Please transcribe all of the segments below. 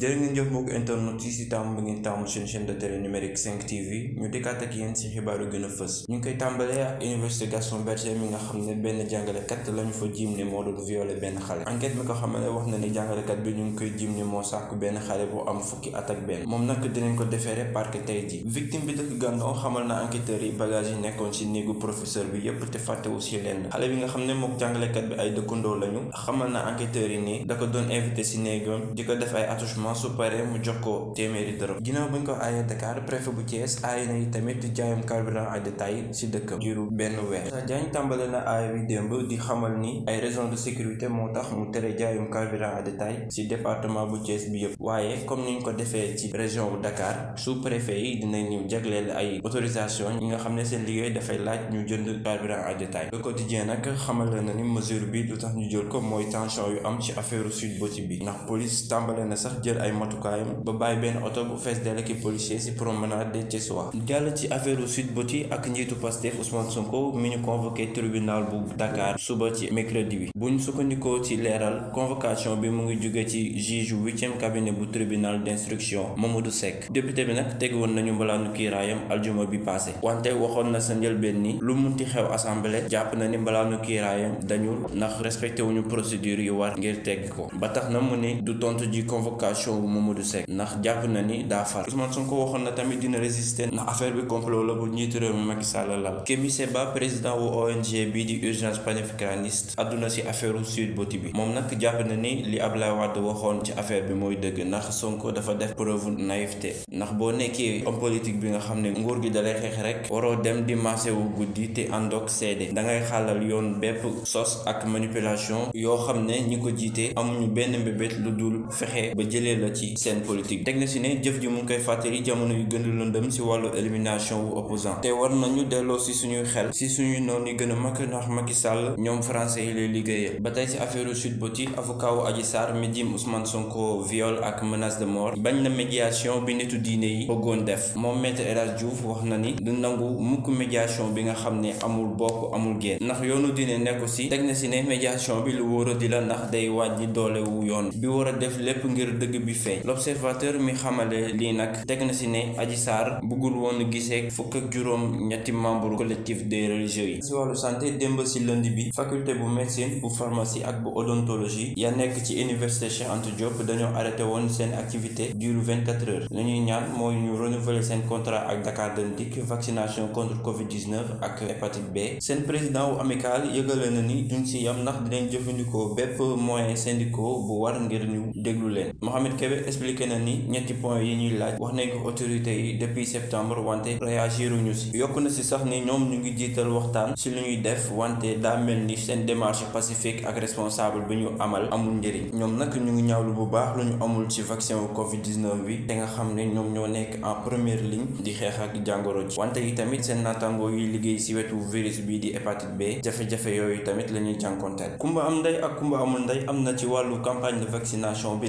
jërë ngeen jëf internet yi si taamu ngeen taamu seen chaîne de télé numérique 5 TV ñu dikkaat ak yéen si xibaar yu gën a fës ñu ngi koy tàmbalee ak université Gaston Berger mi nga xam ne benn jàngalekat lañu fa jiim ne moo doon violé benn xale enquête bi ko xamal ne wax na ne jàngalekat bi ñu ngi koy jiim ne moo sàkku benn xale bu am fukki at benn moom nag dinañ ko defeere parquet tey ji victime bi dëkk Gandon xamal na enquêteurs yi bagage yi nekkoon si néegu professeur bi yépp te fàttewu si lenn xale bi na enquêteurs yi ni da ko doon si néegam di ordonnance su pare mu jox ko ko préfet bu Thiès aay na tamit jaayam benn weer Issa Diagne tàmbale na aay bi di xamal ni ay raison sécurité moo tax mu tere jaayum carburant à détail si département bu Thiès bi yëpp waaye comme niñ ko defee ci région bu Dakar sous préfet yi dinañu jagleel ay autorisation ñi nga xam ne seen liggéey dafay laaj ñu jënd carburant à détail le quotidien nag xamal na ni mesure bi lu tax ñu jël ko mooy tension yu am ci affaire sud boti bi ndax police tàmbale na sax jël ay matukaayam ba bàyyi benn oto bu fees dell ki policier si promenade de Thiessois jàll ci affaire sud boti ak njiitu Pastef Ousmane Sonko mi ñu convoqué tribunal bu Dakar suba ci mercredi bi bu sukkandikoo ci leeral convocation bi mu ngi jóge ci juge huitième cabinet bu tribunal d'instruction Mamadou Seck député bi nag teg woon nañu mbalaanu kiiraayam aljuma bi passé wante waxoon na sa njëlbeen ni lu munti xew assemblée jàpp na ni mbalaanu kiiraayam dañul ndax respecté wuñu procédure yu war ngir tegg ko ba tax na mu ne du tontu ji convocation relation bu Mamadou Seck ndax jàpp na ni daa far Ousmane Sonko waxoon na tamit dina résister ndax affaire bi complot la bu njiitu réew mi Macky Sall lal Kémi Seba président wu ONG bii di urgence panafricaniste àdduna si affaire Sweet Beauty bi moom nag jàpp na ni li Abdoulaye Wade waxoon ci affaire bi mooy dëgg ndax Sonko dafa def preuve naïveté ndax boo nekkee homme politique bi nga xam ne nguur gi dalay xeex rek waroo dem di marché wu guddi te àndoog seede ngay xaalal yoon bépp sos ak manipulation yoo xam ne ñi ko jiite amuñu benn mbébét lu dul fexe ba jëlee pilier la ci seen politique teg na si ne jëf ji mu ngi koy fàttali jamono yu gën a lëndëm si wàllu élimination wu opposant te war nañu delloo si suñuy xel si suñu noonu yu gën a mag ndax Macky Sall ñoom français yi lay liggéeyee ba tey si affaire Sweet Beauté avocat wu Adji Sarr mi jim Ousmane Sonko viol ak menace de mort bañ na médiation bi nitu diine yi bëggoon def moom maître El Diouf wax na ni du nangu mukk médiation bi nga xam ne amul bokk amul génn ndax yoonu diine nekku si teg na si ne médiation bi lu wóor a di la ndax day wàññi doole wu yoon bi war a def lépp ngir dëgg l'observateur mi xamale li nak à na si ne Adji Sarr buggul woon gisee fukk ak juróom ñetti membre collectif des religieux yi si santé démb ci lundi bi faculté bu médecine bu pharmacie ak bu odontologie ya nekk ci université Cheikh Anta Diop dañu arrêté won sen activité durant 24 heures la ñaan moy ñu renouveler contrat ak Dakar dentique vaccination contre Covid-19 ak hépatite B sen président wu amical yëgale na ni duñ si yam ndax dinañ jëfandikoo bépp moyen syndicaux bu war ngir ñu déglu Mohamed expliqué na ni ñetti point yi ñuy laaj wax ko autorité yi depuis septembre wante réagiruñu si na sax ni ñu ngi lu ñuy def wante ni démarche pacifique ak responsable bu ñu amal amul njëriñ ñoom nag ñu ngi ñaawlu bu baax lu covid 19 bi nga xam en première ligne di ak wante yi virus di B tamit kumba am campagne de vaccination bi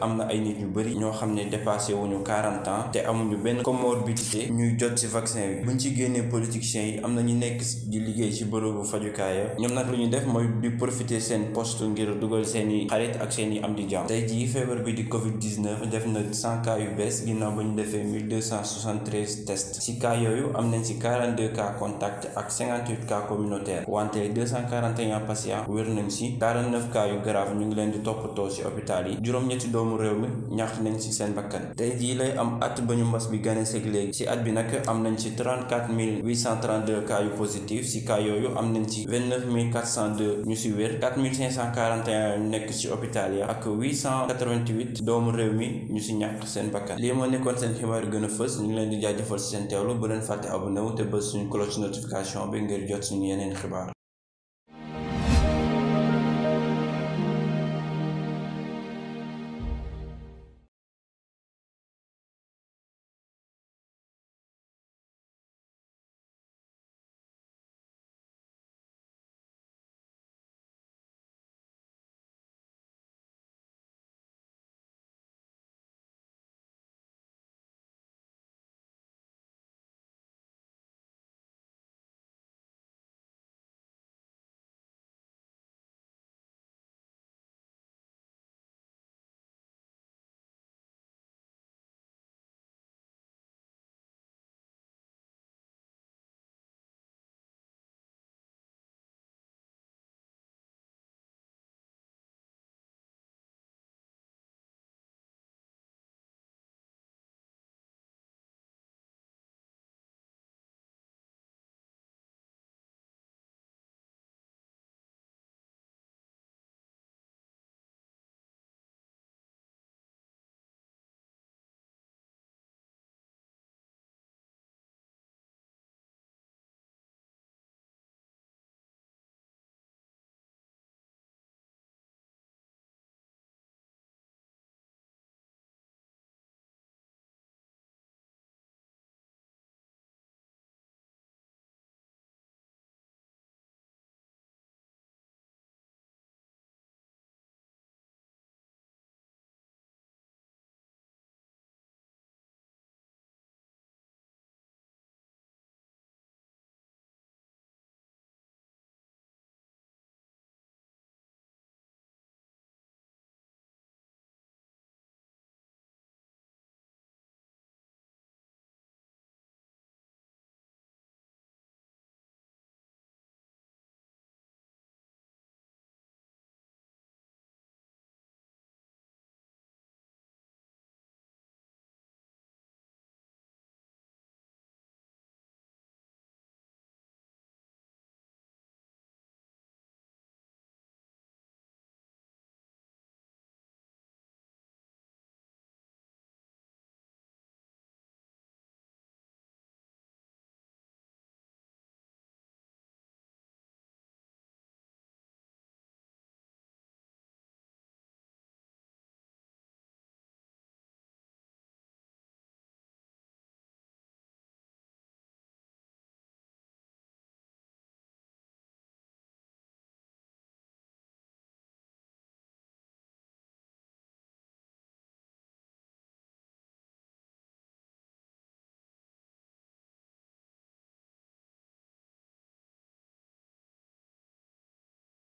que am na ay nit yu bëri ñoo xam ne dépassé wuñu quarante ans te amuñu benn comorbidité ñuy jot ci vaccin bi buñ ci génnee politiciens yi am na ñu nekk di liggéey ci bërëbu fajukaay ñoom nag lu ñu def mooy di profiter seen poste ngir dugal seen i xarit ak seen i am di jàmm tey jii feebar bi di covid 19 def na 100 cas yu bees ginnaaw ba ñu defee 1273 tests ci cas yooyu am nañ ci 42 cas contact ak 58 cas communautaire wante 241 patients wér nañ ci 49 cas yu grave ñu ngi leen di toppatoo ci hôpital yi doomu réew mi ñàkk nañ ci seen bakkan tey jii lay am at ba ñu mbas bi gane seeg léegi ci at bi nag am nañ ci 34 positif ci cas yooyu am nañ ci ñu ci wér ñu nekk ci hôpital ya ak doomu réew mi ñu ci ñàkk seen bakkan lii moo nekkoon seen xibaar gën a fës ñu leen di jaajëfal ci seen teewlu bu leen fàtte abonné wu te bës suñu cloche notification bi ngir jot suñu yeneen xibaar